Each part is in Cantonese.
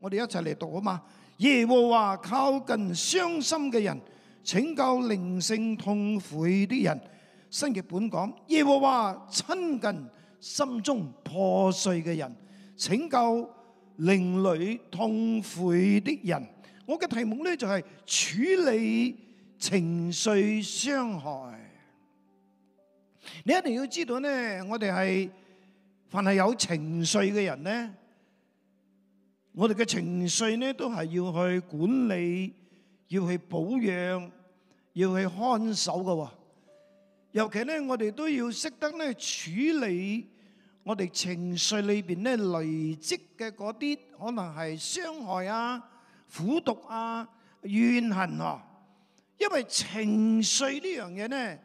我哋一齊嚟讀吖嘛？耶和華靠近傷心嘅人，拯救靈性痛悔啲人。新譯本講耶和華親近心中破碎嘅人，拯救靈裏痛悔啲人。我嘅題目呢就係處理情緒傷害。你一定要知道呢，我哋係凡係有情緒嘅人呢。我哋嘅情緒呢，都係要去管理，要去保養，要去看守噶。尤其呢，我哋都要識得呢，處理我哋情緒裏邊呢，累積嘅嗰啲可能係傷害啊、苦毒啊、怨恨啊。因為情緒呢樣嘢呢，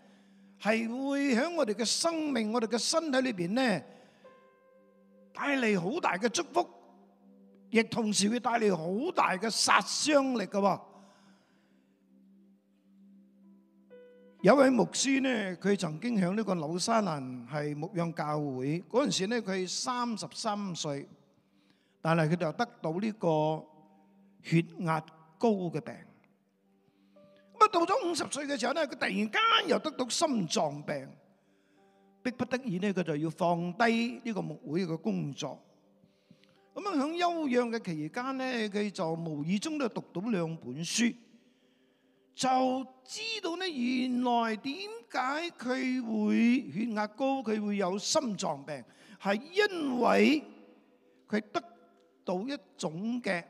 係會喺我哋嘅生命、我哋嘅身體裏邊呢，帶嚟好大嘅祝福。亦同時會帶嚟好大嘅殺傷力㗎喎。有位牧師呢，佢曾經喺呢個紐西蘭係牧養教會，嗰陣時呢，佢三十三歲，但係佢就得到呢個血壓高嘅病。咁啊，到咗五十歲嘅時候呢，佢突然間又得到心臟病，迫不得已呢，佢就要放低呢個牧會嘅工作。咁啊！喺休養嘅期間咧，佢就無意中都讀到兩本書，就知道咧原來點解佢會血壓高，佢會有心臟病，係因為佢得到一種嘅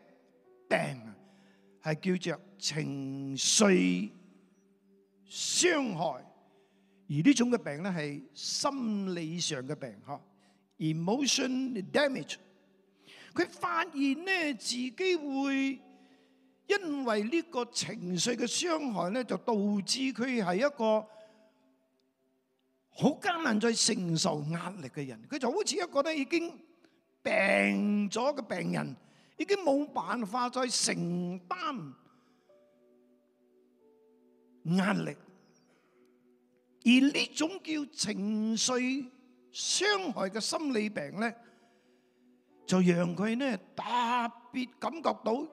病，係叫做情緒傷害。而呢種嘅病咧係心理上嘅病，嚇 emotion damage。佢發現咧，自己會因為呢個情緒嘅傷害咧，就導致佢係一個好艱難再承受壓力嘅人。佢就好似一個咧已經病咗嘅病人，已經冇辦法再承擔壓力。而呢種叫情緒傷害嘅心理病咧。就讓佢咧特別感覺到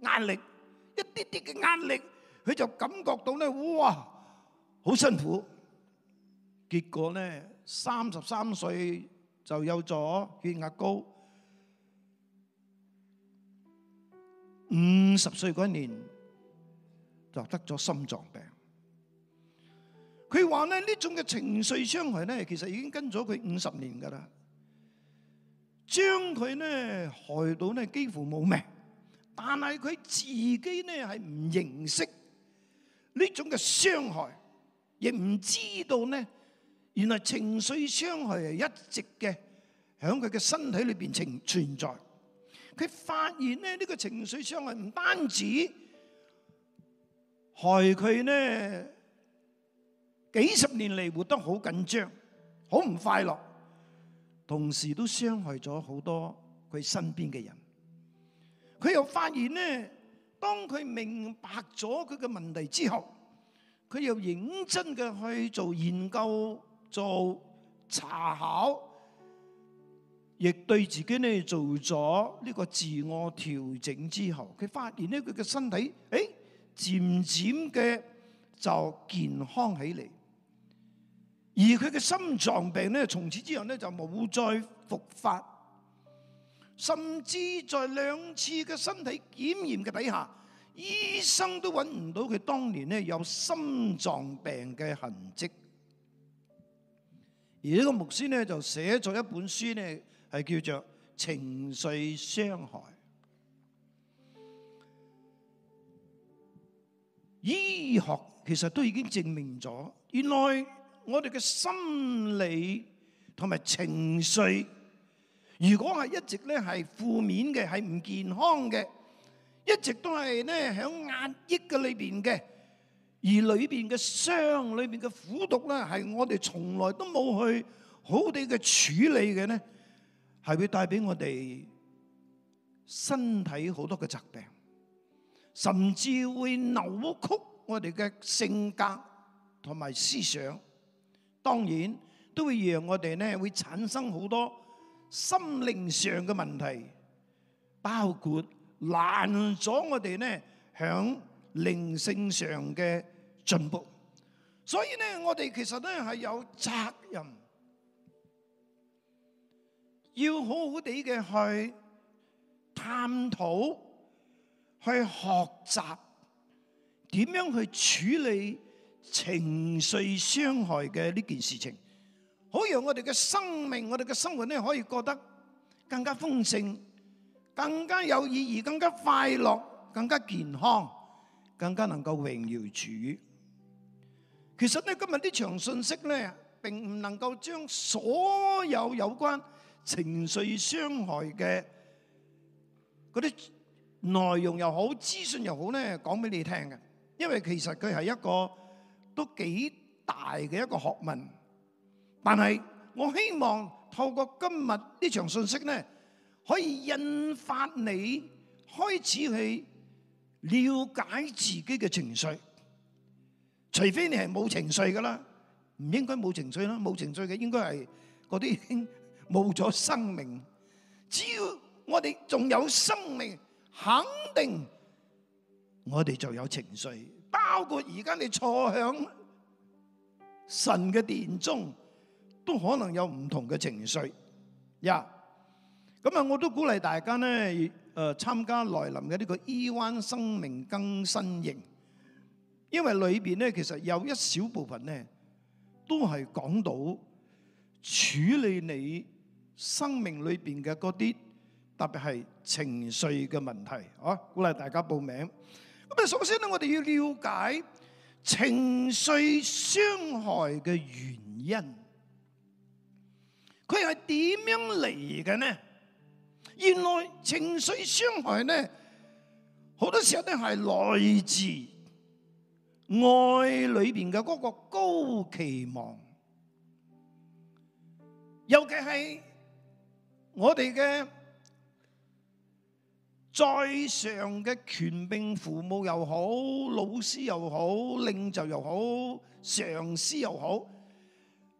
壓力，一啲啲嘅壓力，佢就感覺到咧，哇，好辛苦。結果咧，三十三歲就有咗血壓高，五十歲嗰年就得咗心臟病。佢話咧，呢種嘅情緒傷害咧，其實已經跟咗佢五十年㗎啦。將佢呢害到呢幾乎冇命，但係佢自己呢係唔認識呢種嘅傷害，亦唔知道呢原來情緒傷害係一直嘅響佢嘅身體裏邊存在。佢發現呢呢個情緒傷害唔單止害佢呢幾十年嚟活得好緊張，好唔快樂。同時都傷害咗好多佢身邊嘅人，佢又發現咧，當佢明白咗佢嘅問題之後，佢又認真嘅去做研究、做查考，亦對自己咧做咗呢個自我調整之後，佢發現咧佢嘅身體，誒、哎，漸漸嘅就健康起嚟。而佢嘅心臟病咧，從此之後咧就冇再復發，甚至在兩次嘅身體檢驗嘅底下，醫生都揾唔到佢當年咧有心臟病嘅痕跡。而呢個牧師咧就寫咗一本書咧，係叫做《情緒傷害》。醫學其實都已經證明咗，原來。我哋嘅心理同埋情緒，如果係一直咧係負面嘅，係唔健康嘅，一直都係咧響壓抑嘅裏邊嘅，而裏邊嘅傷，裏邊嘅苦毒咧，係我哋從來都冇去好地嘅處理嘅咧，係會帶俾我哋身體好多嘅疾病，甚至會扭曲我哋嘅性格同埋思想。當然都會讓我哋咧，會產生好多心靈上嘅問題，包括攔阻我哋咧響靈性上嘅進步。所以咧，我哋其實咧係有責任，要好好地嘅去探討、去學習點樣去處理。情緒傷害嘅呢件事情，好讓我哋嘅生命、我哋嘅生活咧，可以過得更加豐盛、更加有意義、更加快樂、更加健康、更加能夠榮耀主。其實咧，今日呢場信息咧，並唔能夠將所有有關情緒傷害嘅嗰啲內容又好、資訊又好咧，講俾你聽嘅，因為其實佢係一個都幾大嘅一個學問，但係我希望透過今日呢場信息咧，可以引發你開始去了解自己嘅情緒。除非你係冇情緒噶啦，唔應該冇情緒啦，冇情緒嘅應該係嗰啲已經冇咗生命。只要我哋仲有生命，肯定我哋就有情緒。包括而家你坐響神嘅殿中，都可能有唔同嘅情緒呀。咁啊，我都鼓勵大家咧，誒參加來臨嘅呢個 E 灣生命更新營，因為裏邊咧其實有一小部分咧，都係講到處理你生命裏邊嘅嗰啲，特別係情緒嘅問題。啊，鼓勵大家報名。咁首先咧，我哋要了解情緒傷害嘅原因。佢係點樣嚟嘅呢？原來情緒傷害咧，好多時候咧係來自愛裏邊嘅嗰個高期望，尤其係我哋嘅。在上嘅權柄、父母又好，老師又好，領袖又好，上司又好，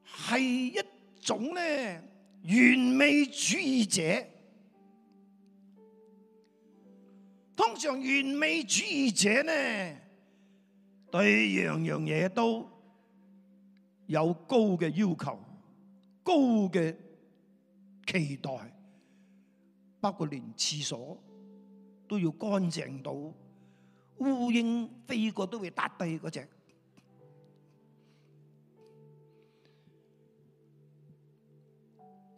係一種咧完美主義者。通常完美主義者咧，對樣樣嘢都有高嘅要求、高嘅期待，包括連廁所，都要乾淨到，烏蠅飛過都會搭低嗰隻。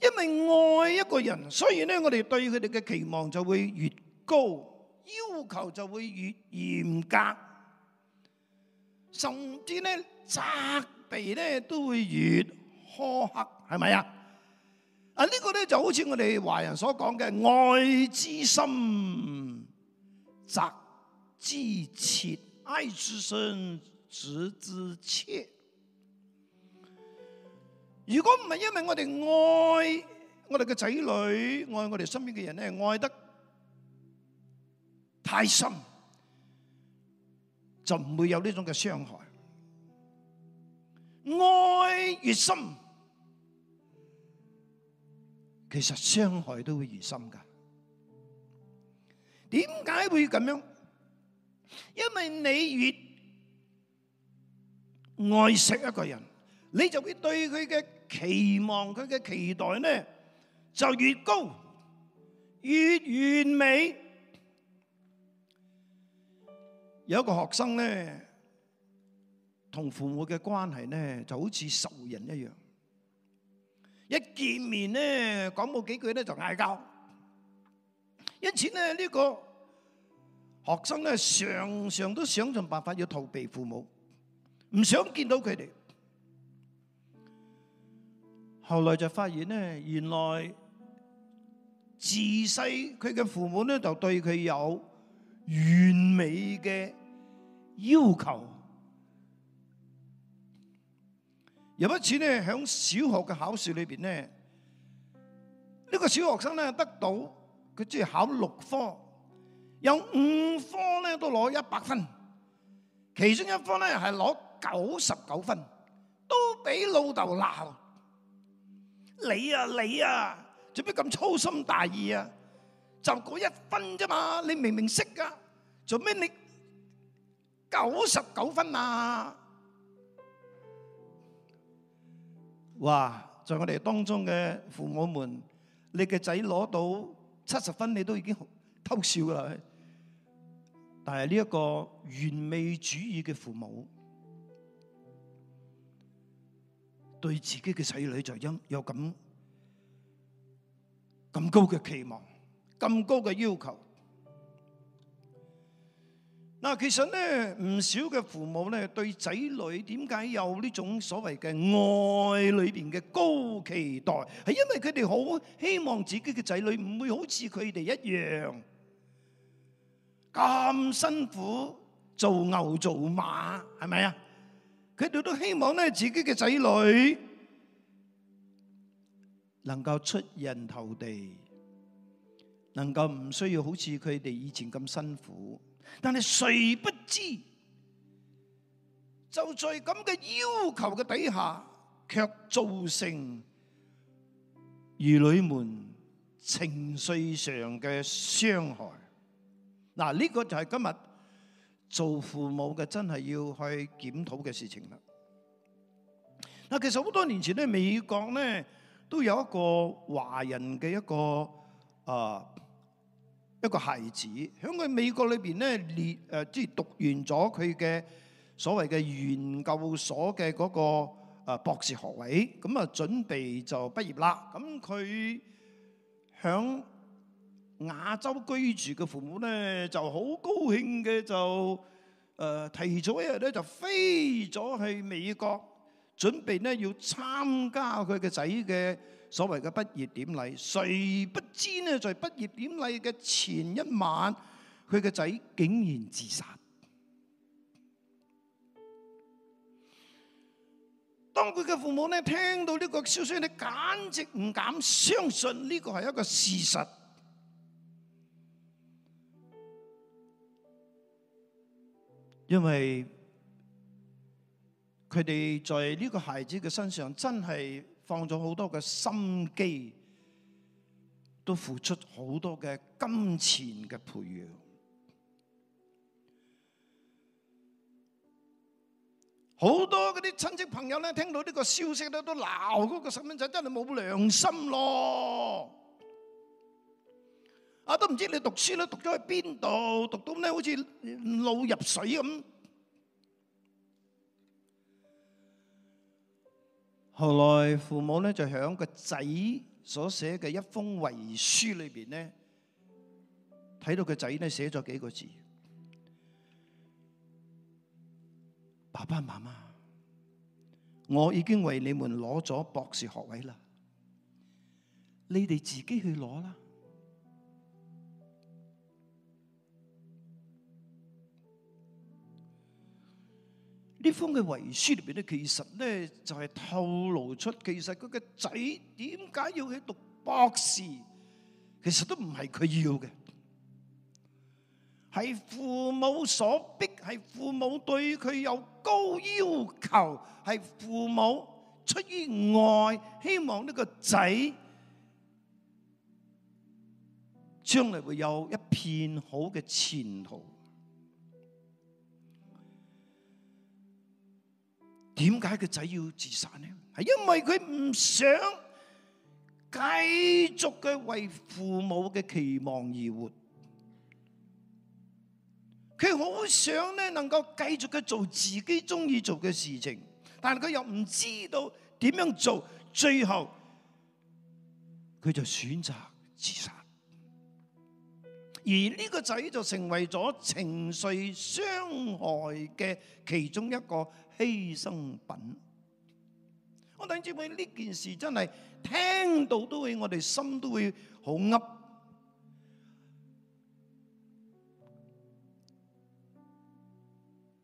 因為愛一個人，所以咧我哋對佢哋嘅期望就會越高，要求就會越嚴格，甚至咧責備咧都會越苛刻，係咪啊？啊、這、呢個咧就好似我哋華人所講嘅愛之心。責之切愛之深，責之切。如果唔係因為我哋愛我哋嘅仔女，愛我哋身邊嘅人咧，愛得太深，就唔會有呢種嘅傷害。愛越深，其實傷害都會越深噶。點解會咁樣？因為你越愛錫一個人，你就會對佢嘅期望，佢嘅期待呢，就越高，越完美。有一個學生呢，同父母嘅關係呢，就好似仇人一樣，一見面呢，講冇幾句呢，就嗌交。因此咧，呢、這個學生咧，常常都想盡辦法要逃避父母，唔想見到佢哋。後來就發現咧，原來自細佢嘅父母咧，就對佢有完美嘅要求。有一次咧，喺小學嘅考試裏邊咧，呢、這個小學生咧得到。佢即係考六科，有五科咧都攞一百分，其中一科咧係攞九十九分，都俾老豆鬧。你啊你啊，做咩咁粗心大意啊？就嗰一分啫嘛，你明明識㗎，做咩你九十九分啊？哇！在我哋當中嘅父母們，你嘅仔攞到。七十分你都已經偷笑啦！但係呢一個完美主義嘅父母，對自己嘅仔女就應有咁咁高嘅期望，咁高嘅要求。嗱，其實咧，唔少嘅父母咧對仔女點解有呢種所謂嘅愛裏邊嘅高期待，係因為佢哋好希望自己嘅仔女唔會好似佢哋一樣咁辛苦做牛做馬，係咪啊？佢哋都希望咧自己嘅仔女能夠出人頭地，能夠唔需要好似佢哋以前咁辛苦。但係誰不知，就在咁嘅要求嘅底下，卻造成兒女們情緒上嘅傷害。嗱，呢個就係今日做父母嘅真係要去檢討嘅事情啦。嗱，其實好多年前咧，美國咧都有一個華人嘅一個誒。呃一個孩子喺佢美國裏邊咧，列、誒，即係讀完咗佢嘅所謂嘅研究所嘅嗰個誒博士學位，咁啊準備就畢業啦。咁佢喺亞洲居住嘅父母咧，就好高興嘅就誒提早一日咧，就飛咗去美國，準備咧要參加佢嘅仔嘅所謂嘅畢業典禮。誰不知咧，在畢業典禮嘅前一晚，佢嘅仔竟然自殺。當佢嘅父母咧聽到呢個消息咧，你簡直唔敢相信呢個係一個事實，因為佢哋在呢個孩子嘅身上真係放咗好多嘅心機。都付出好多嘅金錢嘅培養，好多嗰啲親戚朋友咧，聽到呢個消息咧，都鬧嗰個細蚊仔，真係冇良心咯！啊，都唔知你讀書咧，讀咗去邊度，讀到咧好似腦入水咁。後來父母咧就響個仔。所寫嘅一封遺書裏面咧，睇到個仔咧寫咗幾個字：爸爸媽媽，我已經為你們攞咗博士學位啦，你哋自己去攞啦。呢封嘅遺書裏邊咧，其實咧就係透露出，其實佢個仔點解要去讀博士，其實都唔係佢要嘅，係父母所逼，係父母對佢有高要求，係父母出於愛，希望呢個仔將來會有一片好嘅前途。點解個仔要自殺呢？係因為佢唔想繼續去為父母嘅期望而活，佢好想呢能夠繼續去做自己中意做嘅事情，但係佢又唔知道點樣做，最後佢就選擇自殺。而呢個仔就成為咗情緒傷害嘅其中一個。犧牲品，我等知佢呢件事真係聽到都會，我哋心都會好噏。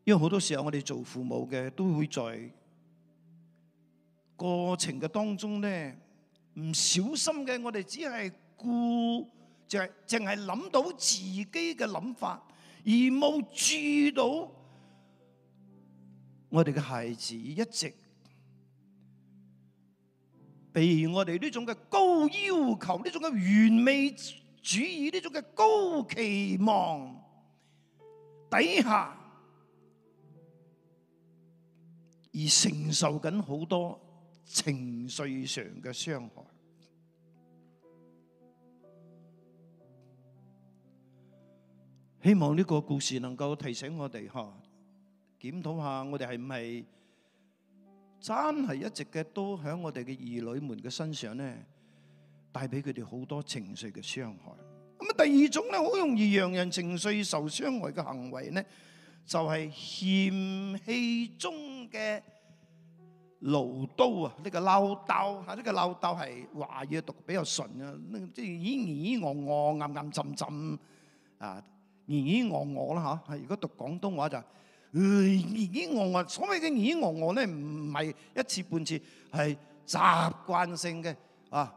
因為好多時候我哋做父母嘅都會在過程嘅當中咧，唔小心嘅我哋只係顧就係淨係諗到自己嘅諗法，而冇注意到。我哋嘅孩子一直被我哋呢種嘅高要求、呢種嘅完美主義、呢種嘅高期望底下，而承受緊好多情緒上嘅傷害。希望呢個故事能夠提醒我哋，哈。檢討下，我哋係唔係真係一直嘅都喺我哋嘅兒女們嘅身上咧，帶俾佢哋好多情緒嘅傷害。咁啊，第二種咧，好容易讓人情緒受傷害嘅行為咧，就係嫌棄中嘅嘮叨啊！呢個嘮叨嚇，呢個嘮叨係華語讀比較純啊，即係咦咦我我，暗暗浸浸啊、咦咦我我啦嚇。如果讀廣東話就。唉，耳語戇戇，所謂嘅耳語戇戇咧，唔係一次半次，係習慣性嘅啊。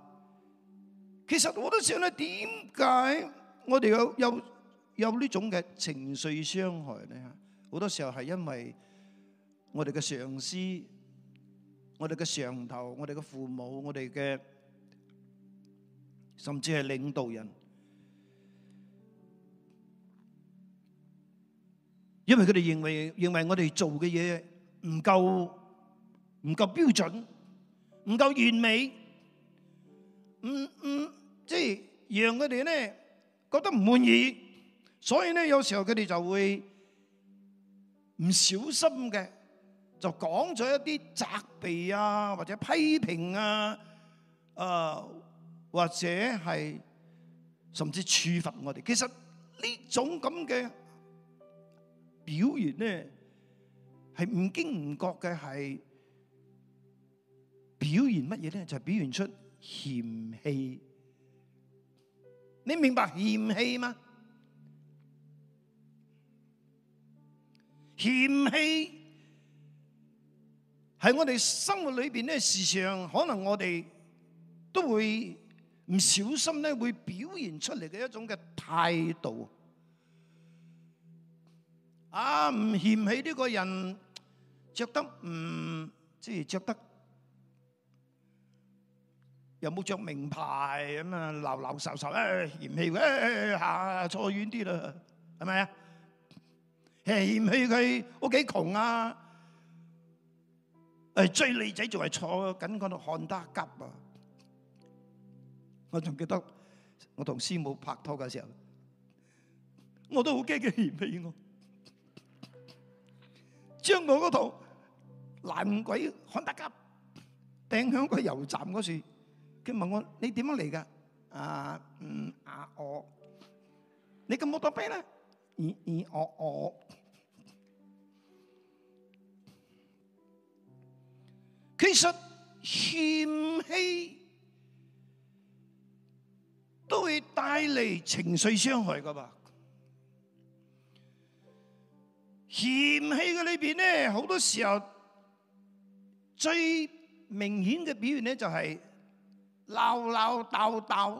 其實好多時候咧，點解我哋有有有呢種嘅情緒傷害咧？好多時候係因為我哋嘅上司、我哋嘅上頭、我哋嘅父母、我哋嘅甚至係領導人。因為佢哋認為認為我哋做嘅嘢唔夠唔夠標準，唔夠完美，唔唔即係讓佢哋咧覺得唔滿意，所以咧有時候佢哋就會唔小心嘅就講咗一啲責備啊或者批評啊，誒或者係甚至處罰我哋。其實呢種咁嘅。表現呢係唔經唔覺嘅係表現乜嘢咧？就係表現出嫌棄。你明白嫌棄嗎？嫌棄喺我哋生活裏邊咧，時常可能我哋都會唔小心咧，會表現出嚟嘅一種嘅態度。啊！唔嫌棄呢個人着得唔即係着得又冇着名牌咁啊，流流愁愁啊嫌棄佢，嚇坐遠啲啦，係咪啊？係嫌棄佢屋企窮啊！誒追女仔仲係坐緊嗰度看得急啊！我仲記得我同師母拍拖嘅時候，我都好驚佢嫌棄我。將我嗰套爛鬼喊得急，掟響個油站嗰時，佢問我：你點樣嚟㗎？啊，嗯，阿我，你咁冇道咩咧？二二我我，其實嫌棄都會帶嚟情緒傷害噶噃。嫌棄嘅裏邊咧，好多時候最明顯嘅表現咧就係鬧鬧鬥鬥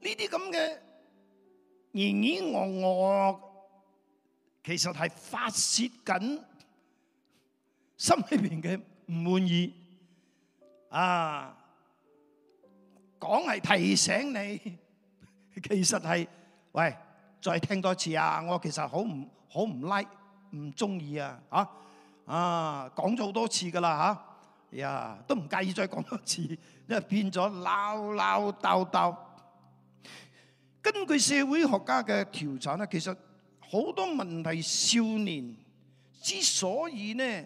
呢啲咁嘅言言我我，其實係發泄緊心裏邊嘅唔滿意啊！講係提醒你，其實係喂。再聽多一次啊！我其實好唔好唔 like 唔中意啊，嚇啊，講咗好多次噶啦，嚇呀，都唔介意再講多次，因為變咗鬧鬧鬥鬥。根據社會學家嘅調查咧，其實好多問題少年之所以呢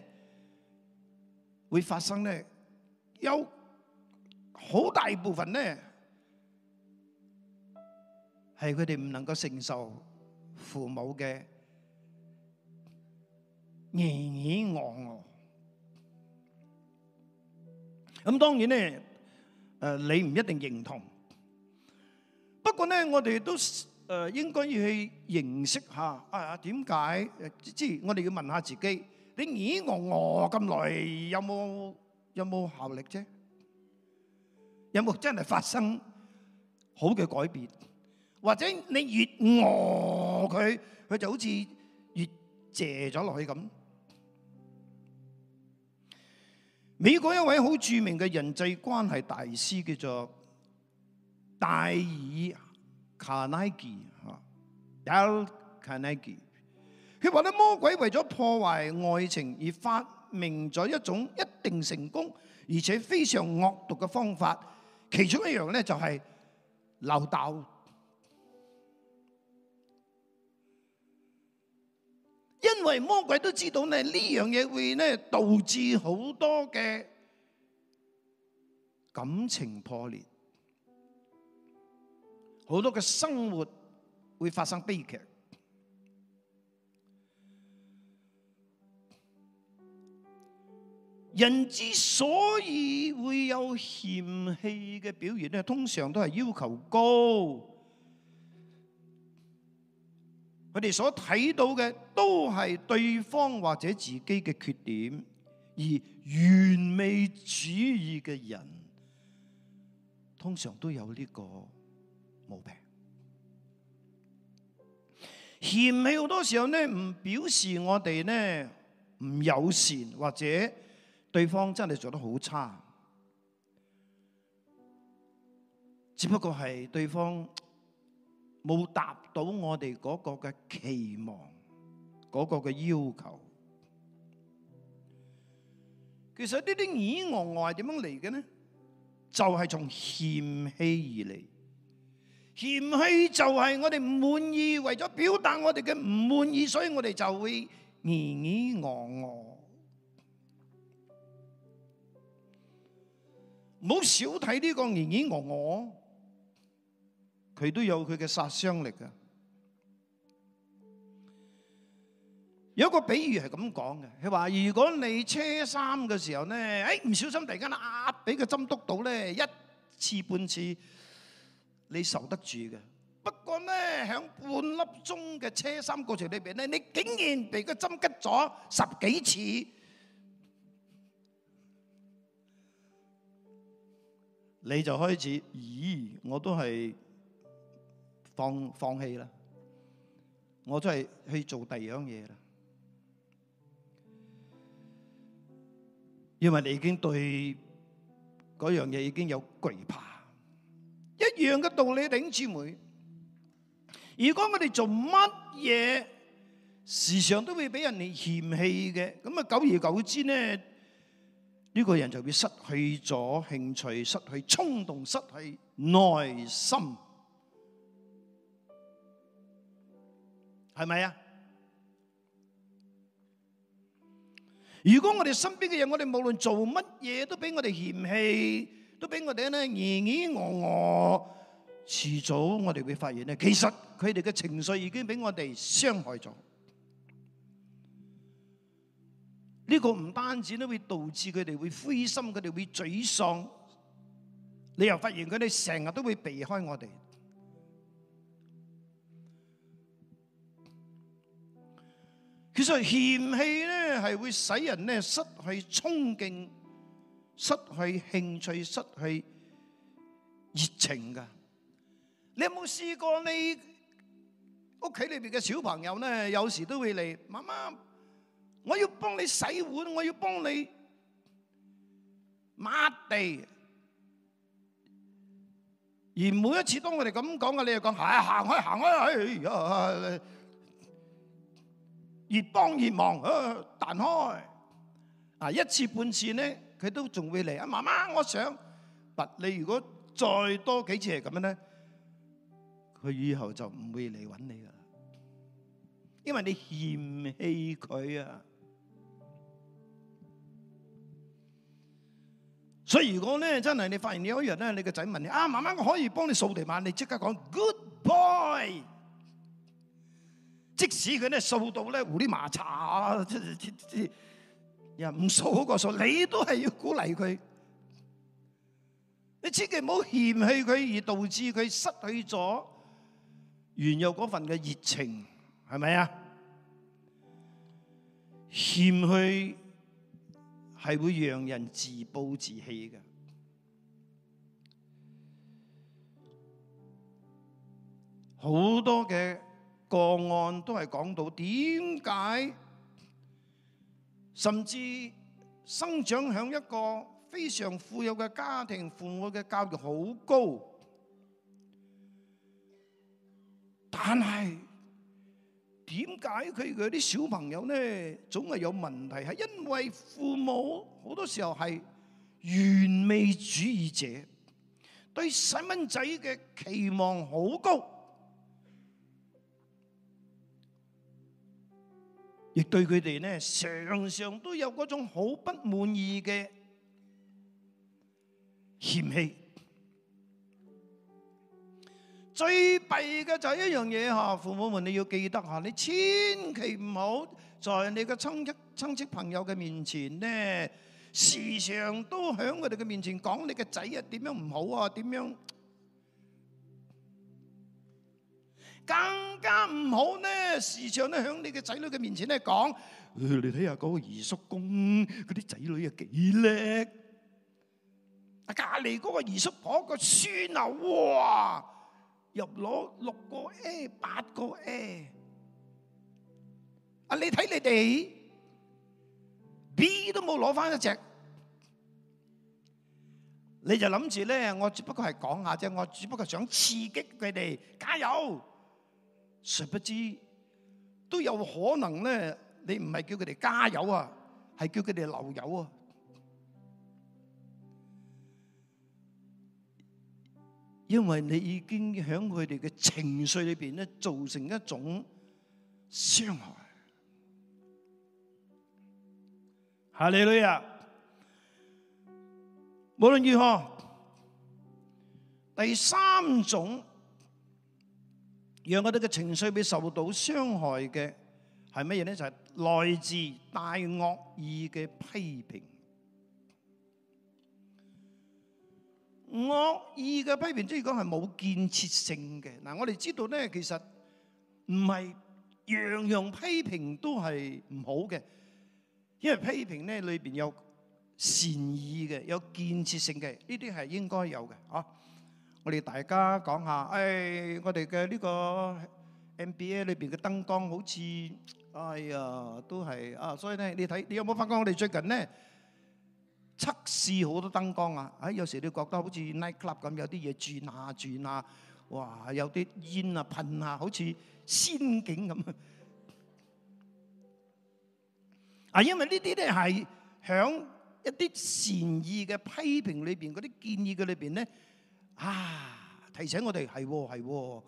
會發生呢，有好大部分呢。係佢哋唔能夠承受父母嘅爾爾我我，咁當然咧，誒你唔一定認同，不過咧我哋都誒應該要去認識下，啊點解？知唔知？我哋要問下自己，你爾爾我我咁耐，有冇有冇效力啫？有冇真係發生好嘅改變？或者你越餓佢，佢就好似越謝咗落去咁。美國一位好著名嘅人際關係大師叫做戴爾卡奈基嚇，Dale Carnegie，佢話咧魔鬼為咗破壞愛情而發明咗一種一定成功而且非常惡毒嘅方法，其中一樣咧就係流竇。因為魔鬼都知道咧，呢樣嘢會咧導致好多嘅感情破裂，好多嘅生活會發生悲劇。人之所以會有嫌棄嘅表現咧，通常都係要求高。佢哋所睇到嘅都係對方或者自己嘅缺點，而完美主義嘅人通常都有呢個毛病。嫌棄好多時候呢，唔表示我哋呢唔友善，或者對方真係做得好差，只不過係對方。冇達到我哋嗰個嘅期望，嗰個嘅要求。其實呢啲依依哦哦係點樣嚟嘅呢？就係從嫌棄而嚟。嫌棄就係我哋唔滿意，為咗表達我哋嘅唔滿意，所以我哋就會依依哦哦。唔好少睇呢個依依哦哦。佢都有佢嘅殺傷力㗎。有個比喻係咁講嘅，佢話：如果你車衫嘅時候咧，誒唔小心突然間啊俾個針督到咧一次半次，你受得住嘅。不過咧喺半粒鐘嘅車衫過程裏邊咧，你竟然俾個針拮咗十幾次，你就開始咦，我都係。放放棄啦，我都係去做第二樣嘢啦。因為你已經對嗰樣嘢已經有懼怕，一樣嘅道理頂住佢。如果我哋做乜嘢，時常都會俾人哋嫌棄嘅，咁啊久而久之咧，呢個人就會失去咗興趣，失去衝動，失去耐心。係咪啊？如果我哋身邊嘅人，我哋無論做乜嘢，都俾我哋嫌棄，都俾我哋咧，你你我我，遲早我哋會發現咧，其實佢哋嘅情緒已經俾我哋傷害咗。呢個唔單止都會導致佢哋會灰心，佢哋會沮喪。你又發現佢哋成日都會避開我哋。其實嫌棄咧係會使人咧失去衝勁、失去興趣、失去熱情噶。你有冇試過你屋企裏邊嘅小朋友咧，有時都會嚟媽媽，我要幫你洗碗，我要幫你抹地。而每一次當佢哋咁講嘅，你就講，行行開，行開去。越幫越忙，啊彈開啊一次半次咧，佢都仲會嚟啊！媽媽，我想，不，你如果再多幾次係咁樣咧，佢以後就唔會嚟揾你噶啦，因為你嫌棄佢啊。所以如果咧，真係你發現你有一日咧，你個仔問你啊，媽媽，我可以幫你掃地嗎？你即刻講 Good boy。即使佢咧掃到咧胡裏麻茶，即係唔掃好過掃，你都係要鼓勵佢，你千祈唔好嫌棄佢而導致佢失去咗原有嗰份嘅熱情，係咪啊？嫌棄係會讓人自暴自棄嘅，好多嘅。個案都係講到點解，甚至生長響一個非常富有嘅家庭，父母嘅教育好高，但係點解佢嗰啲小朋友呢，總係有問題？係因為父母好多時候係完美主義者，對細蚊仔嘅期望好高。亦對佢哋咧，常常都有嗰種好不滿意嘅嫌棄。最弊嘅就係一樣嘢嚇，父母們你要記得嚇，你千祈唔好在你嘅親戚，親戚朋友嘅面前咧，時常都喺佢哋嘅面前講你嘅仔啊，點樣唔好啊，點樣。更加唔好咧，時常咧喺你嘅仔女嘅面前咧講，你睇下嗰個二叔公，嗰啲仔女啊幾叻！啊，隔離嗰個二叔婆個孫啊，哇！又攞六個 A，八個 A。啊，你睇你哋 B 都冇攞翻一隻，你就諗住咧，我只不過係講下啫，我只不過想刺激佢哋加油。殊不知都有可能咧，你唔係叫佢哋加油啊，係叫佢哋漏油啊！因為你已經喺佢哋嘅情緒裏邊咧，造成一種傷害。哈利路亞！無論如何，第三種。讓我哋嘅情緒被受到傷害嘅係乜嘢咧？就係來自大惡意嘅批評，惡意嘅批評即係講係冇建設性嘅。嗱，我哋知道咧，其實唔係樣樣批評都係唔好嘅，因為批評咧裏面有善意嘅，有建設性嘅，呢啲係應該有嘅，啊。我哋大家講下，誒，我哋嘅呢個 NBA 裏邊嘅燈光好似，哎呀，都係啊，所以咧，你睇，你有冇發覺我哋最近咧測試好多燈光啊？啊，有時你覺得好似 night club 咁，有啲嘢轉啊轉啊，哇，有啲煙啊噴啊，好似仙境咁啊！因為呢啲咧係響一啲善意嘅批評裏邊嗰啲建議嘅裏邊咧。啊！提醒我哋係喎係喎，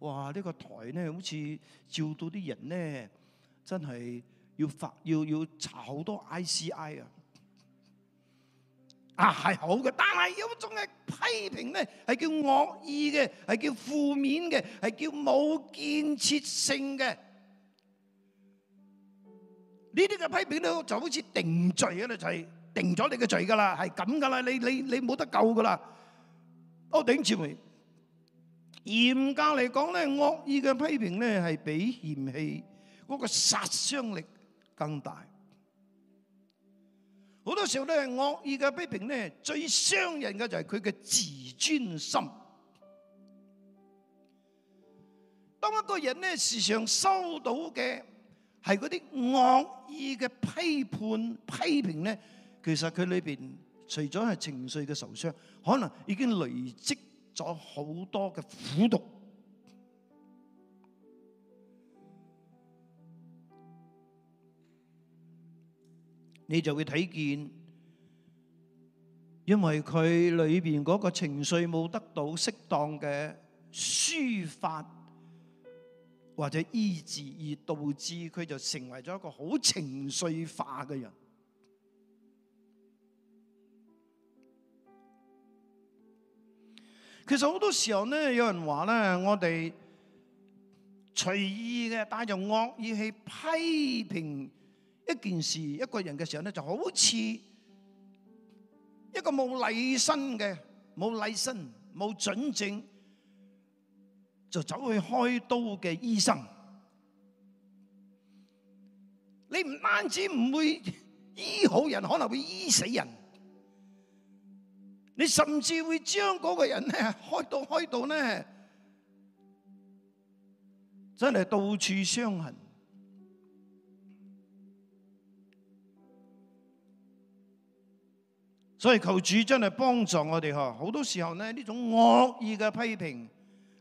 哇！呢個台呢，好似照到啲人呢，真係要罰，要要查好多 ICI 啊！啊，係好嘅，但係有一種嘅批評呢，係叫惡意嘅，係叫負面嘅，係叫冇建設性嘅。呢啲嘅批評呢，就好似定罪噶啦，就係定咗你嘅罪噶啦，係咁噶啦，你你你冇得救噶啦。我、哦、頂住佢。嚴格嚟講咧，惡意嘅批評咧係比嫌棄嗰個殺傷力更大。好多時候咧，惡意嘅批評咧最傷人嘅就係佢嘅自尊心。當一個人咧時常收到嘅係嗰啲惡意嘅批判批評咧，其實佢裏邊，除咗係情緒嘅受傷，可能已經累積咗好多嘅苦毒，你就會睇見，因為佢裏邊嗰個情緒冇得到適當嘅抒發或者醫治，而導致佢就成為咗一個好情緒化嘅人。其實好多時候咧，有人話咧，我哋隨意嘅，帶着惡意去批評一件事、一個人嘅時候咧，就好似一個冇禮身嘅、冇禮身、冇准證就走去開刀嘅醫生，你唔單止唔會醫好人，可能會醫死人。你甚至會將嗰個人咧開到開到咧，真係到處傷痕。所以求主真係幫助我哋呵，好多時候咧，呢種惡意嘅批評，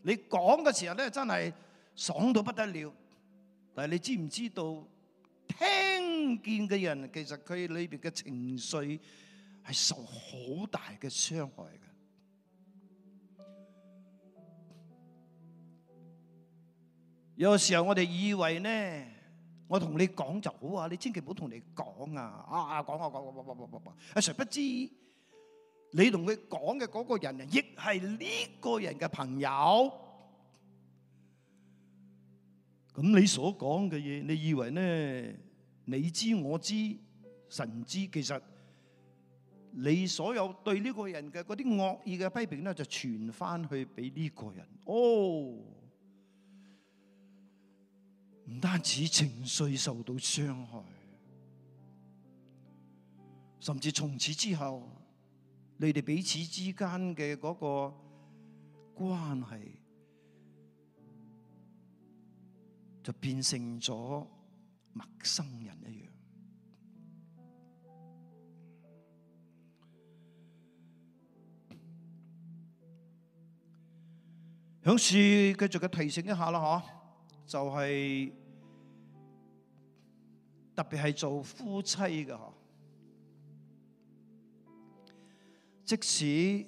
你講嘅時候咧真係爽到不得了，但係你知唔知道聽見嘅人，其實佢裏邊嘅情緒，係受好大嘅傷害嘅。有時候我哋以為咧，我同你講就好啊，你千祈唔好同你講啊，啊講啊講啊講啊講啊講啊，啊誰不知你同佢講嘅嗰個人，亦係呢個人嘅朋友。咁你所講嘅嘢，你以為咧你知我知神知，其實。你所有對呢個人嘅啲惡意嘅批評咧，就傳翻去俾呢個人。哦，唔單止情緒受到傷害，甚至從此之後你哋彼此之間嘅個關係就變成咗陌生人一樣。響樹繼續嘅提醒一下啦，嗬，就係特別係做夫妻嘅嗬，即使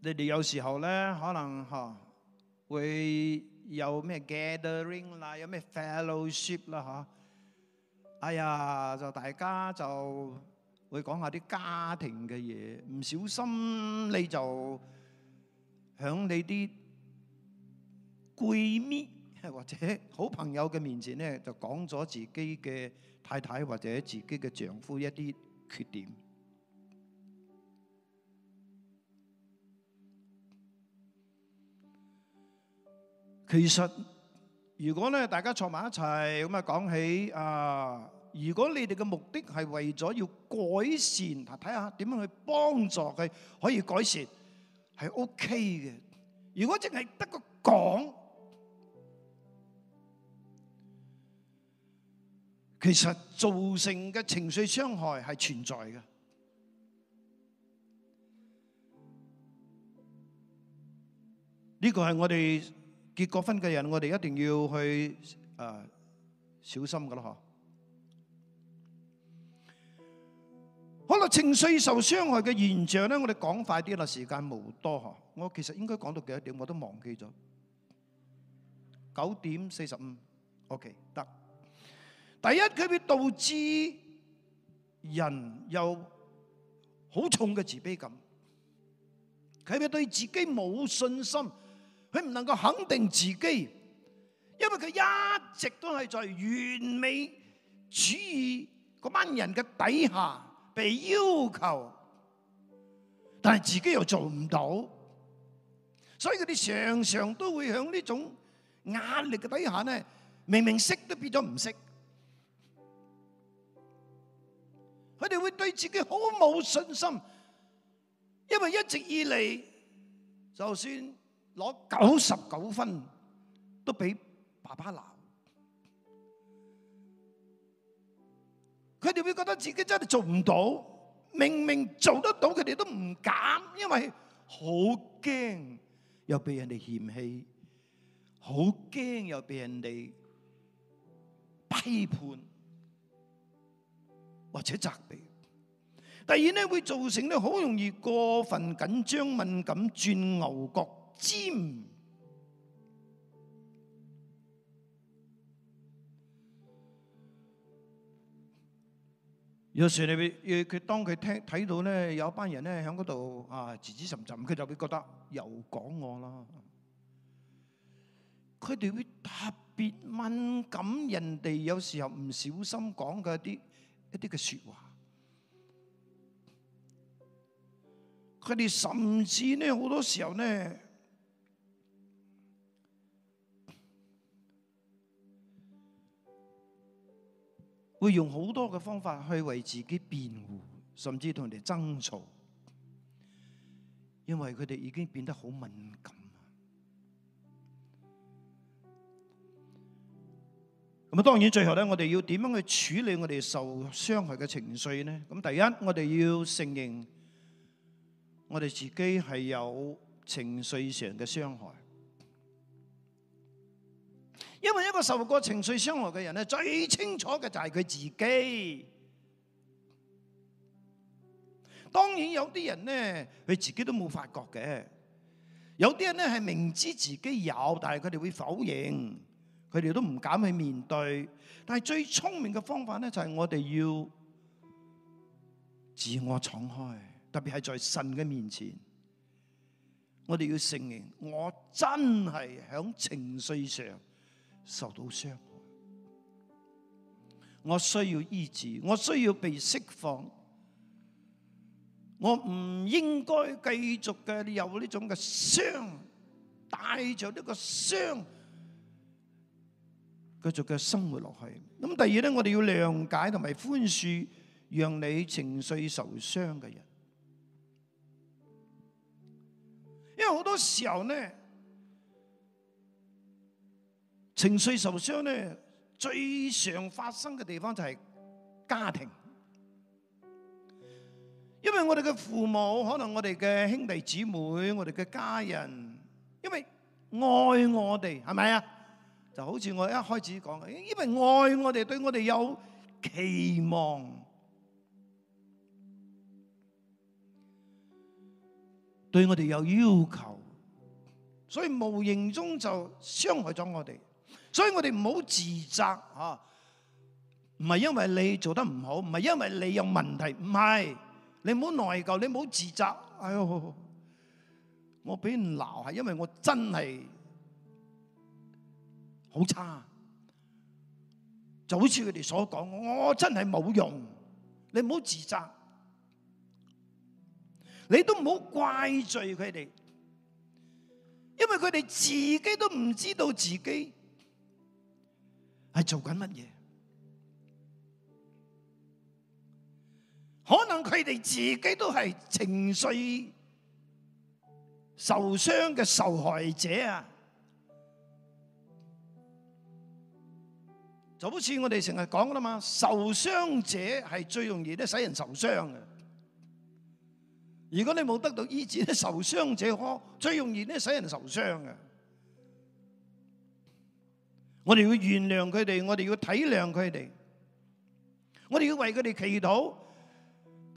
你哋有時候咧，可能嗬會有咩 gathering 啦，有咩 fellowship 啦，嗬，哎呀，就大家就會講下啲家庭嘅嘢，唔小心你就～喺你啲閨蜜或者好朋友嘅面前咧，就講咗自己嘅太太或者自己嘅丈夫一啲缺點。其實，如果咧大家坐埋一齊咁啊，講起啊，如果你哋嘅目的係為咗要改善，啊睇下點樣去幫助佢可以改善。係 OK 嘅，如果淨係得個講，其實造成嘅情緒傷害係存在嘅。呢個係我哋結過婚嘅人，我哋一定要去誒小心噶咯嗬。可能情緒受傷害嘅現象咧，我哋講快啲啦，時間冇多呵。我其實應該講到幾多點，我都忘記咗。九點四十五，OK，得。第一，佢會導致人有好重嘅自卑感。佢會對自己冇信心，佢唔能夠肯定自己，因為佢一直都係在完美主義嗰班人嘅底下。被要求，但係自己又做唔到，所以佢哋常常都會喺呢種壓力嘅底下呢，明明識都變咗唔識，佢哋會對自己好冇信心，因為一直以嚟，就算攞九十九分，都俾爸爸鬧。佢哋會覺得自己真係做唔到，明明做得到，佢哋都唔敢，因為好驚又俾人哋嫌棄，好驚又俾人哋批判或者責備。第二咧會造成咧好容易過分緊張、敏感，轉牛角尖。有時你俾佢當佢聽睇到咧，有一班人咧喺嗰度啊，吱吱斟斟，佢就會覺得又講我啦。佢哋會特別敏感，人哋有時候唔小心講嘅一啲一啲嘅説話，佢哋甚至咧好多時候咧，會用好多嘅方法去為自己辯護，甚至同人哋爭吵，因為佢哋已經變得好敏感。咁啊，當然最後咧，我哋要點樣去處理我哋受傷害嘅情緒呢？咁第一，我哋要承認我哋自己係有情緒上嘅傷害。因為一個受過情緒傷害嘅人咧，最清楚嘅就係佢自己。當然有啲人咧，佢自己都冇發覺嘅。有啲人咧係明知自己有，但係佢哋會否認，佢哋都唔敢去面對。但係最聰明嘅方法咧，就係我哋要自我敞開，特別係在神嘅面前，我哋要承認我真係響情緒上。受到傷害，我需要醫治，我需要被釋放，我唔應該繼續嘅有呢種嘅傷，帶着呢個傷繼續嘅生活落去。咁第二咧，我哋要諒解同埋寬恕，讓你情緒受傷嘅人，因為好多時候呢。情緒受傷咧，最常發生嘅地方就係家庭，因為我哋嘅父母，可能我哋嘅兄弟姊妹，我哋嘅家人，因為愛我哋，係咪啊？就好似我一開始講嘅，因為愛我哋，對我哋有期望，對我哋有要求，所以無形中就傷害咗我哋。所以我哋唔好自責啊！唔係因為你做得唔好，唔係因為你有問題，唔係，你唔好內疚，你唔好自責。哎呦，我俾人鬧係因為我真係好差，就好似佢哋所講，我真係冇用。你唔好自責，你都唔好怪罪佢哋，因為佢哋自己都唔知道自己。係做緊乜嘢？可能佢哋自己都係情緒受傷嘅受害者啊！就好似我哋成日講噶啦嘛，受傷者係最容易咧使人受傷嘅。如果你冇得到醫治咧，受傷者可最容易咧使人受傷嘅。我哋要原諒佢哋，我哋要體諒佢哋，我哋要為佢哋祈禱，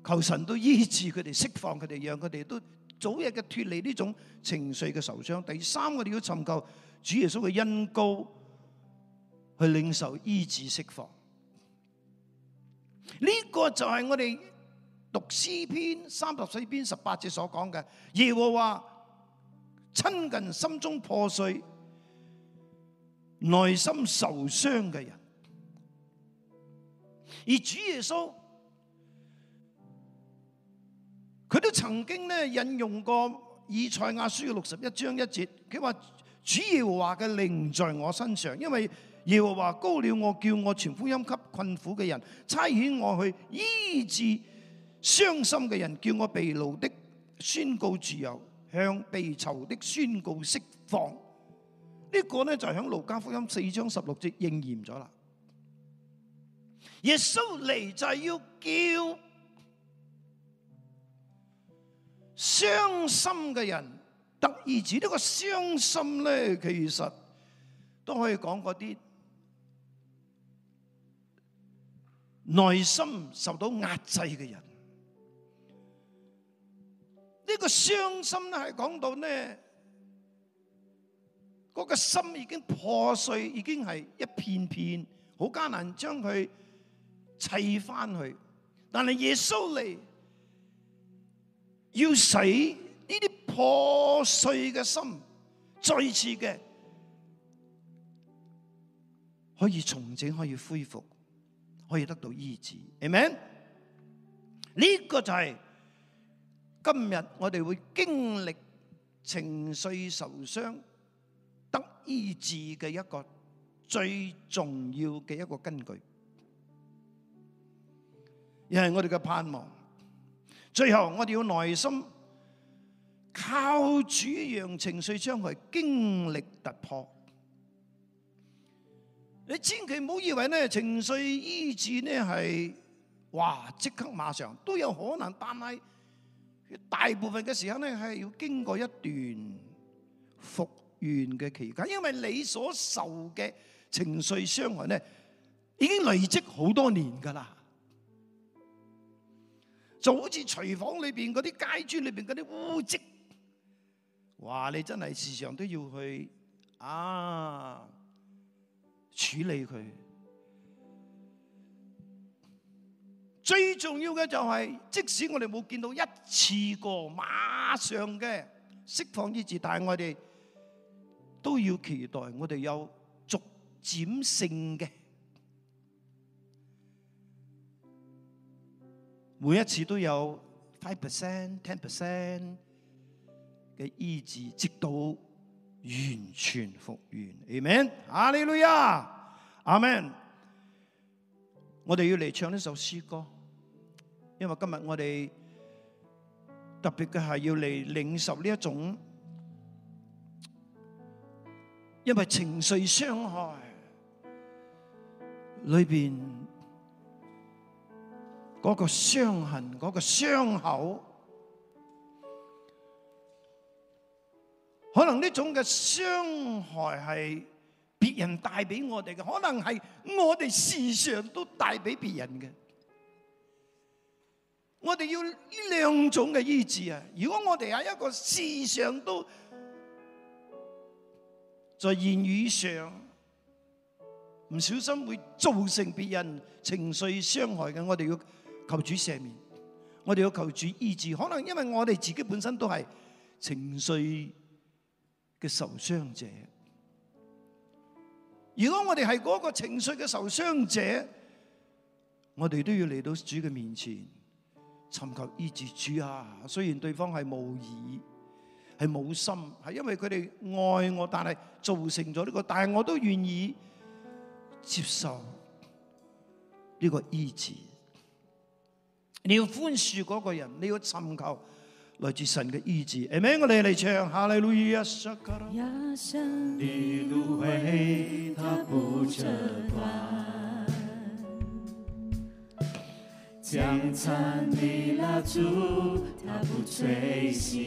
求神都醫治佢哋，釋放佢哋，讓佢哋都早日嘅脱離呢種情緒嘅受傷。第三，我哋要尋求主耶穌嘅恩膏去領受醫治釋放。呢個就係我哋讀詩篇三十四篇十八節所講嘅耶和華親近心中破碎內心受傷嘅人，而主耶穌佢都曾經咧引用過以賽亞書嘅六十一章一節，佢話主耶和華嘅靈在我身上，因為耶和華高了我，叫我傳福音給困苦嘅人，差遣我去醫治傷心嘅人，叫我被擄的宣告自由，向被囚的宣告釋放。這個、呢個咧就喺《路加福音》四章十六節應驗咗啦。耶穌嚟就係要叫傷心嘅人得醫治。這個、傷呢個傷心咧，其實都可以講嗰啲內心受到壓制嘅人。這個、傷呢個傷心咧係講到呢。嗰個心已經破碎，已經係一片片，好艱難將佢砌翻去。但係耶穌嚟，要使呢啲破碎嘅心再次嘅可以重整，可以恢復，可以得到醫治，明唔明？呢個就係今日我哋會經歷情緒受傷。醫治嘅一個最重要嘅一個根據，又係我哋嘅盼望。最後，我哋要耐心靠主，讓情緒將來經歷突破。你千祈唔好以為咧，情緒醫治咧係哇即刻馬上都有可能，但係大部分嘅時候咧係要經過一段復。完嘅期間，因為你所受嘅情緒傷害咧，已經累積好多年㗎喇，就好似廚房裏邊嗰啲階磚裏邊嗰啲污跡，哇！你真係時常都要去啊處理佢。最重要嘅就係、是，即使我哋冇見到一次過，馬上嘅釋放意志，但係我哋。都要期待我哋有逐漸性嘅，每一次都有 five percent、ten percent 嘅醫治，直到完全復原。Amen，阿利路亞，Amen。我哋要嚟唱呢首詩歌，因為今日我哋特別嘅係要嚟領受呢一種。因為情緒傷害裏邊嗰個傷痕、嗰、嗰個傷口，可能呢種嘅傷害係別人帶俾我哋嘅，可能係我哋時常都帶俾別人嘅。我哋要呢兩種嘅醫治啊！如果我哋係一個時常都，在言語上唔小心會造成別人情緒傷害嘅，我哋要求主赦免，我哋要求主醫治。可能因為我哋自己本身都係情緒嘅受傷者，如果我哋係嗰個情緒嘅受傷者，我哋都要嚟到主嘅面前尋求醫治。主啊，雖然對方係無義。係冇心，係因為佢哋愛我，但係造成咗呢個，但係我都願意接受呢個醫治。你要寬恕嗰個人，你要尋求來自神嘅醫治，係咪？我哋嚟唱下啦，老二啊！將殘的蠟燭，他不吹熄。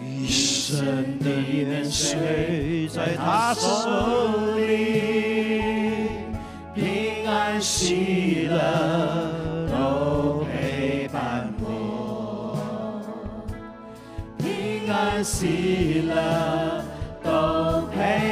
一生的年歲，在他手裡，平安喜樂都陪伴我，平安喜樂都陪。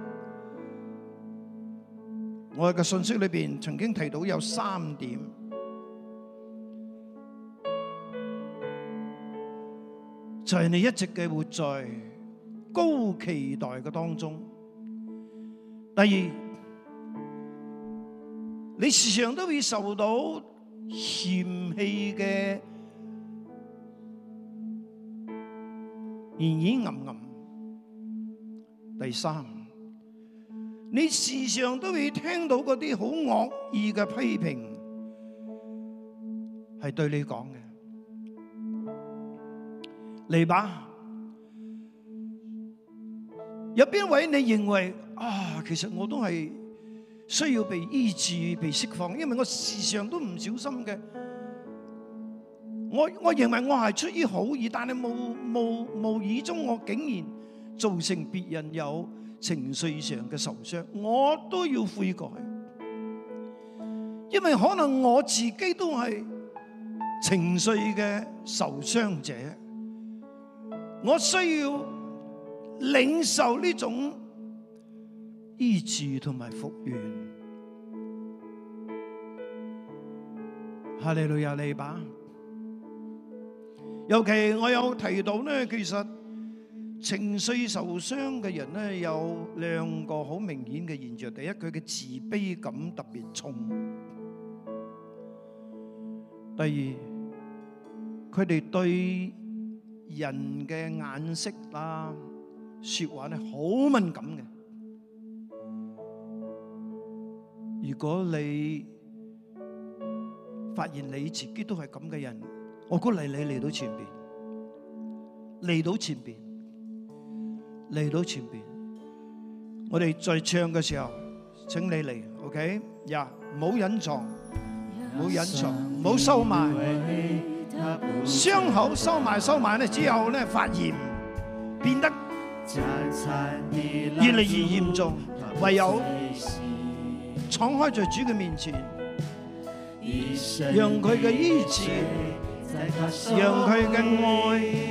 我嘅信息裏邊曾經提到有三點，就係你一直嘅活在高期待嘅當中，第二，你時常都會受到嫌棄嘅言語暗吟，第三。你時常都會聽到嗰啲好惡意嘅批評，係對你講嘅嚟吧？有邊位你認為啊？其實我都係需要被醫治、被釋放，因為我時常都唔小心嘅。我我認為我係出於好意，但係無無無意中，我竟然造成別人有，情緒上嘅受傷，我都要悔改，因為可能我自己都係情緒嘅受傷者，我需要領受呢種醫治同埋復原。哈利路亞利吧！尤其我有提到呢，其實。情緒受傷嘅人咧，有兩個好明顯嘅現象，第一，佢嘅自卑感特別重；第二，佢哋對人嘅眼色啦、説話咧，好敏感嘅。如果你發現你自己都係咁嘅人，我估嚟你嚟到前面，嚟到前面，嚟到前邊，我哋再唱嘅時候，請你嚟，OK？呀，唔好隱藏，唔好隱藏，唔好收埋，傷口收埋收埋咧，之後咧發炎，變得越嚟越嚴重，唯有敞開在主嘅面前，讓佢嘅醫治，讓佢嘅愛。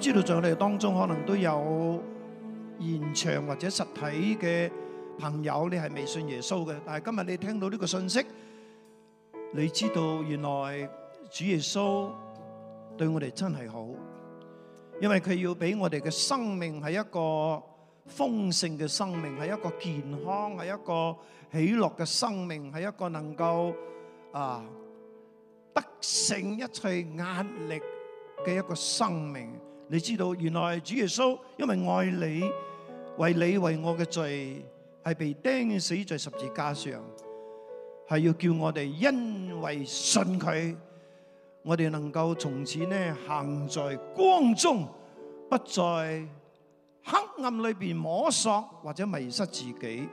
我知道在我哋當中可能都有現場或者實體嘅朋友，你係未信耶穌嘅。但係今日你聽到呢個信息，你知道原來主耶穌對我哋真係好，因為佢要俾我哋嘅生命係一個豐盛嘅生命，係一個健康，係一個喜樂嘅生命，係一個能夠啊得勝一切壓力嘅一個生命。你知道原來係主耶穌，因為愛你，為你為我嘅罪係被釘死在十字架上，係要叫我哋因為信佢，我哋能夠從此呢行在光中，不在黑暗裏邊摸索或者迷失自己。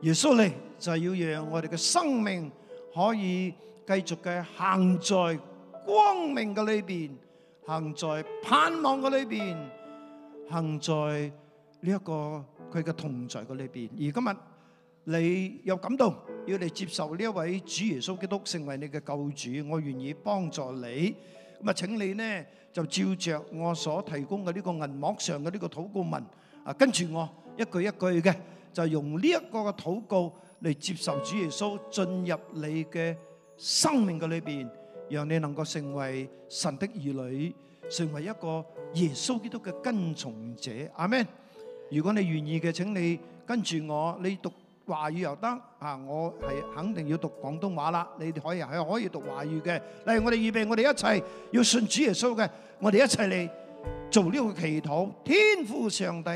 耶穌呢就係要讓我哋嘅生命可以繼續嘅行在光明嘅裏邊。行在盼望嘅裏邊，行在呢一個佢嘅同在嘅裏邊。而今日你有感動，要嚟接受呢一位主耶穌基督成為你嘅救主，我願意幫助你。咁啊，請你呢就照着我所提供嘅呢個銀幕上嘅呢個禱告文啊，跟住我一句一句嘅就用呢一個嘅禱告嚟接受主耶穌進入你嘅生命嘅裏邊。讓你能夠成為神的兒女，成為一個耶穌基督嘅跟從者，阿們。如果你願意嘅，請你跟住我。你讀華語又得啊，我係肯定要讀廣東話啦。你哋可以係可以讀華語嘅。嚟，我哋預備，我哋一齊要信主耶穌嘅。我哋一齊嚟做呢個祈禱。天父上帝，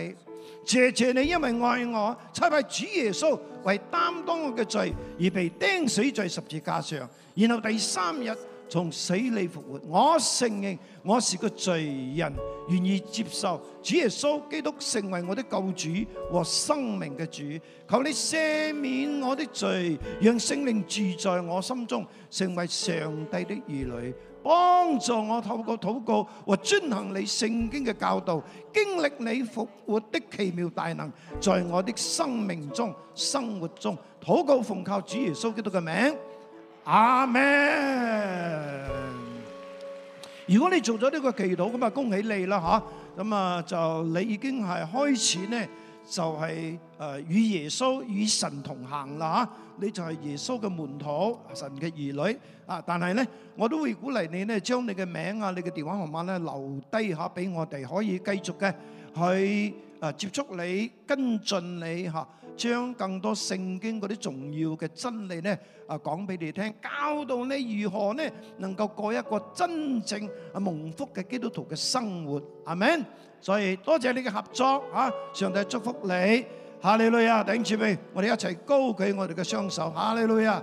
謝謝你，因為愛我，差派主耶穌為擔當我嘅罪而被釘死在十字架上。然後第三日。從死裏復活，我承認我是個罪人，願意接受主耶穌基督成為我的救主和生命嘅主。求你赦免我的罪，讓聖靈住在我心中，成為上帝的兒女，幫助我透過禱告和遵行你聖經嘅教導，經歷你復活的奇妙大能，在我的生命中、生活中，禱告奉靠主耶穌基督嘅名。阿們，如果你做咗呢個祈禱咁啊，恭喜你啦吓！咁啊就你已經係開始咧，就係誒與耶穌與神同行啦吓，你就係耶穌嘅門徒，神嘅兒女啊！但係咧，我都會鼓勵你咧，將你嘅名啊、你嘅電話號碼咧留低吓，俾我哋可以繼續嘅去。啊！接觸你，跟進你嚇，將更多聖經嗰啲重要嘅真理咧啊講俾你聽，教到你如何咧能夠過一個真正啊蒙福嘅基督徒嘅生活，係咪？所以多謝你嘅合作嚇，上帝祝福你。哈利路亞！頂住未？我哋一齊高舉我哋嘅雙手，哈利路亞！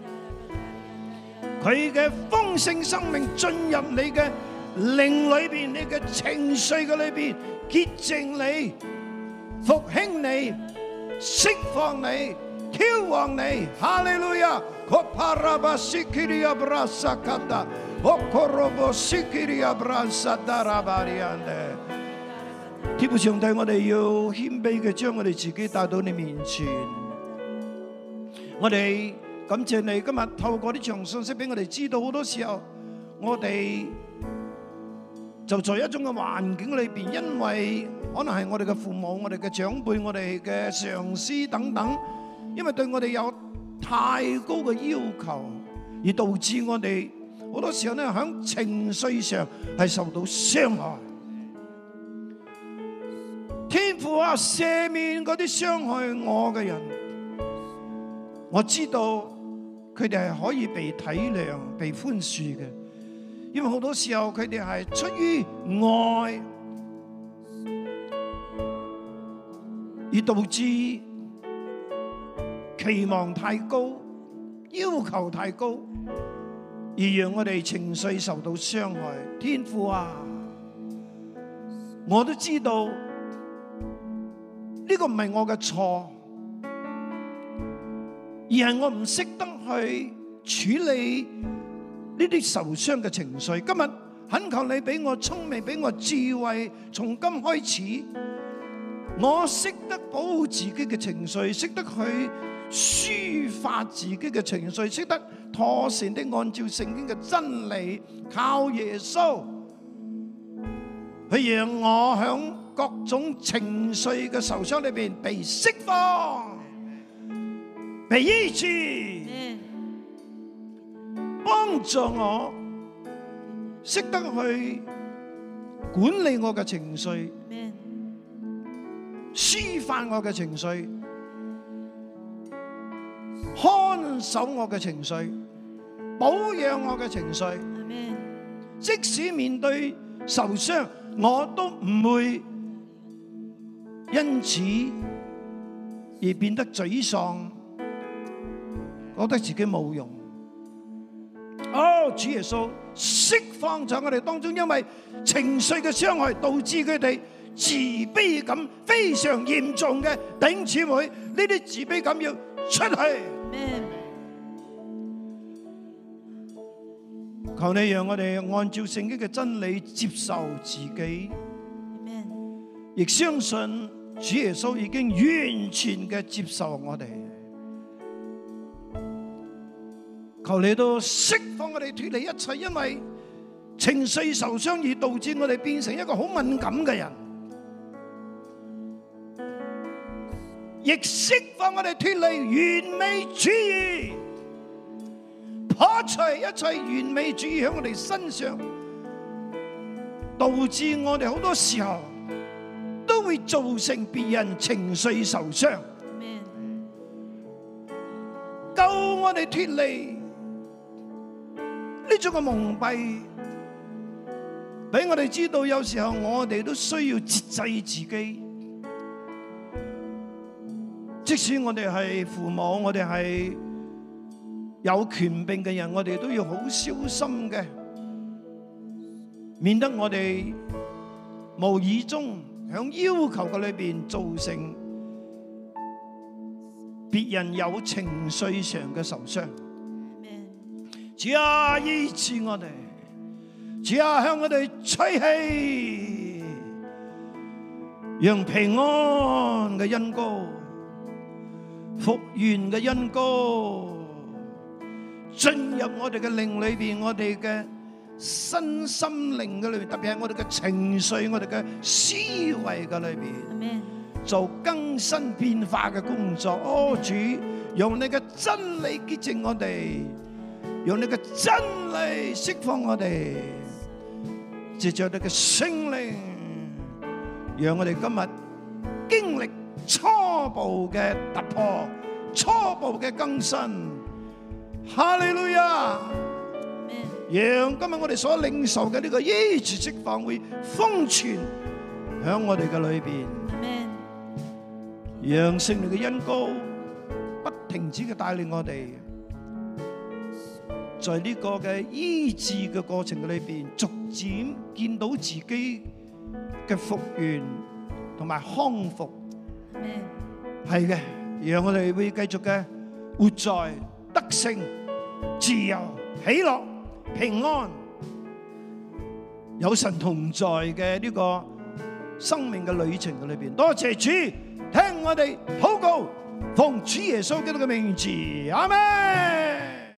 佢嘅豐盛生命進入你嘅靈裏邊，你嘅情緒嘅裏邊潔淨你、復興你、釋放你、挑旺你。哈利路亞。天父上帝，我哋要謙卑嘅將我哋自己帶到你面前，我哋。感謝你今日透過呢場信息俾我哋知道，好多時候我哋就在一種嘅環境裏邊，因為可能係我哋嘅父母、我哋嘅長輩、我哋嘅上司等等，因為對我哋有太高嘅要求，而導致我哋好多時候呢，喺情緒上係受到傷害。天父啊，赦免嗰啲傷害我嘅人，我知道。佢哋係可以被體諒、被寬恕嘅，因為好多時候佢哋係出於愛，而導致期望太高、要求太高，而讓我哋情緒受到傷害。天父啊，我都知道呢個唔係我嘅錯。而係我唔識得去處理呢啲受傷嘅情緒。今日懇求你俾我聰明，俾我智慧。從今開始，我識得保護自己嘅情緒，識得去抒發自己嘅情緒，識得妥善的按照聖經嘅真理，靠耶穌去讓我響各種情緒嘅受傷裏邊被釋放。俾醫治，幫助我識得去管理我嘅情緒，抒發我嘅情緒，看守我嘅情緒，保養我嘅情緒。即使面對受傷，我都唔會因此而變得沮喪。覺得自己冇用，哦！主耶穌釋放咗我哋當中，因為情緒嘅傷害導致佢哋自卑感非常嚴重嘅，頂住佢呢啲自卑感要出去。Amen. 求你讓我哋按照聖經嘅真理接受自己，Amen. 亦相信主耶穌已經完全嘅接受我哋。求你都釋放我哋脫離一切，因為情緒受傷而導致我哋變成一個好敏感嘅人，亦釋放我哋脫離完美主義，破除一切完美主義喺我哋身上，導致我哋好多時候都會造成別人情緒受傷。救我哋脫離。呢種嘅蒙蔽，俾我哋知道，有時候我哋都需要節制自己。即使我哋係父母，我哋係有權柄嘅人，我哋都要好小心嘅，免得我哋無意中響要求嘅裏邊造成別人有情緒上嘅受傷。主啊醫治我哋，主啊向我哋吹氣，讓平安嘅恩膏、復原嘅恩膏進入我哋嘅靈裏邊，我哋嘅身心靈嘅裏邊，特別係我哋嘅情緒、我哋嘅思維嘅裏邊，Amen. 做更新變化嘅工作。哦、主，用你嘅真理潔淨我哋。用你嘅真理釋放我哋，藉着你嘅聖靈，讓我哋今日經歷初步嘅突破、初步嘅更新。哈利路亞！阿們。讓今日我哋所領受嘅呢個醫治釋放會封存響我哋嘅裏邊。讓聖靈嘅恩膏不停止嘅帶領我哋。在呢個嘅醫治嘅過程嘅裏邊，逐漸見到自己嘅復原同埋康復，係嘅。讓我哋會繼續嘅活在得勝、自由、喜樂、平安、有神同在嘅呢個生命嘅旅程嘅裏邊。多謝主，聽我哋禱告，奉主耶穌基督嘅名字，阿門。